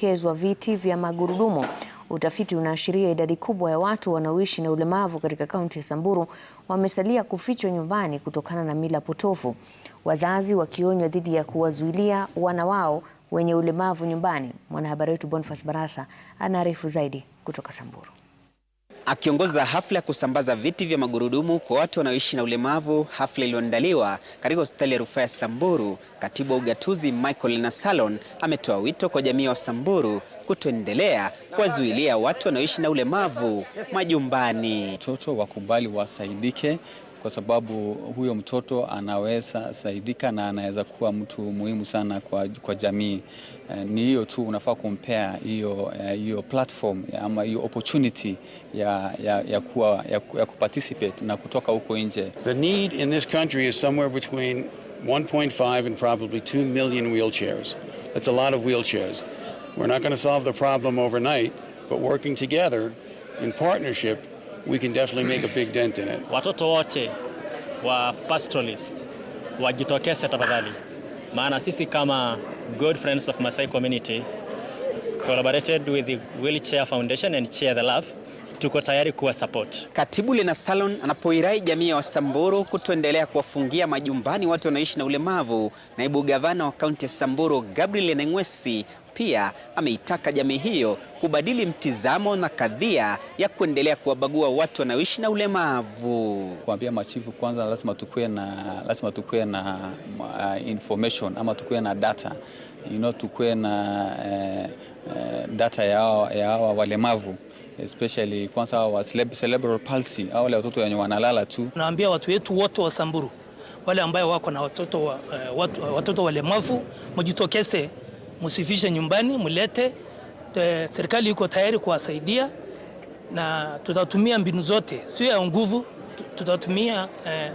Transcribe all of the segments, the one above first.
kupokezwa viti vya magurudumu. Utafiti unaashiria idadi kubwa ya watu wanaoishi na ulemavu katika kaunti ya Samburu wamesalia kufichwa nyumbani kutokana na mila potofu, wazazi wakionywa dhidi ya kuwazuilia wana wao wenye ulemavu nyumbani. Mwanahabari wetu Boniface Barasa anaarifu zaidi kutoka Samburu. Akiongoza hafla ya kusambaza viti vya magurudumu kwa watu wanaoishi na ulemavu, hafla iliyoandaliwa katika hospitali ya rufaa ya Samburu, katibu wa ugatuzi Michael Nasalon ametoa wito kwa jamii wa Samburu kutoendelea kuwazuilia watu wanaoishi na ulemavu majumbani. Watoto wakubali wasaidike, kwa sababu huyo mtoto anaweza saidika na anaweza kuwa mtu muhimu sana kwa, kwa jamii. Uh, ni hiyo tu unafaa kumpea hiyo eh, hiyo platform ama hiyo opportunity ya, ya, ya, kuwa, ya, ya kuparticipate na kutoka huko nje. The need in this country is somewhere between 1.5 and probably 2 million wheelchairs. That's a lot of wheelchairs. We're not going to solve the problem overnight, but working together in partnership we can definitely make a big dent in it. Watoto wote wa pastoralist wajitokeze tafadhali, maana sisi kama good friends of Masai community collaborated with the Wheelchair Foundation and chair the Love tuko tayari kuwa support. Katibu Lena Salon anapoirai jamii ya wa Wasamburu kutoendelea kuwafungia majumbani watu wanaoishi na ulemavu, naibu gavana wa kaunti ya Samburu Gabriel Neng'wesi pia ameitaka jamii hiyo kubadili mtizamo na kadhia ya kuendelea kuwabagua watu wanaoishi na ulemavu. Kuambia machifu kwanza, lazima tukuwe na, lazima tukuwe na uh, information ama tukuwe na data you know, tukuwe na uh, uh, data ya hawa walemavu especially kwanza wa cerebral palsy au wale watoto wenye wanalala tu. Naambia watu wetu wote wa Samburu wale ambayo wako na watoto, wa, uh, watoto walemavu mjitokeze msifishe nyumbani, mlete. Serikali iko tayari kuwasaidia na tutatumia mbinu zote, sio ya nguvu. Tutatumia eh,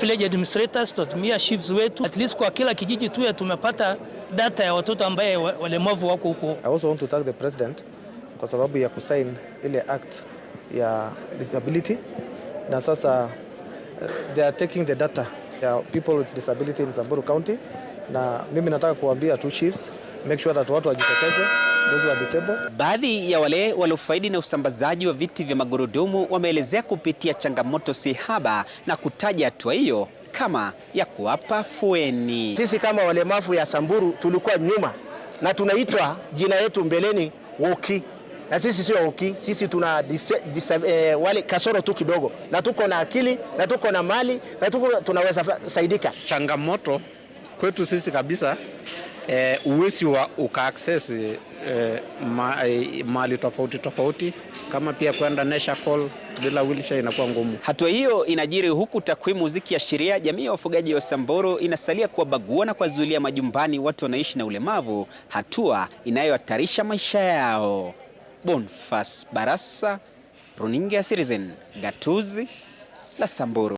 village administrators, tutatumia chiefs wetu, at least kwa kila kijiji tu tumepata data ya watoto ambaye walemavu wako huko. I also want to thank the president kwa sababu ya kusain ile act ya disability na sasa uh, they are taking the data ya people with disability in Samburu County, na mimi nataka kuambia two chiefs make sure that watu wajitokeze those are disabled. Baadhi ya wale waliofaidi na usambazaji wa viti vya magurudumu wameelezea kupitia changamoto sihaba na kutaja hatua hiyo kama ya kuwapa fueni. Sisi kama walemavu ya Samburu tulikuwa nyuma na tunaitwa jina yetu mbeleni woki na sisi sio oki, sisi tuna dise, dise, eh, wale kasoro tu kidogo, na tuko na akili na tuko na mali na tuko tunaweza saidika. Changamoto kwetu sisi kabisa eh, uwezi wa ukaaccess eh, ma, eh, mali tofauti tofauti kama pia kwenda nesha call bila wheelchair inakuwa ngumu. Hatua hiyo inajiri huku takwimu zikiashiria jamii ya wafugaji wa Samburu inasalia kuwabagua na kuwazuilia majumbani watu wanaishi na ulemavu, hatua inayohatarisha maisha yao. Bonfas Barasa, Runinga Citizen, gatuzi la Samburu.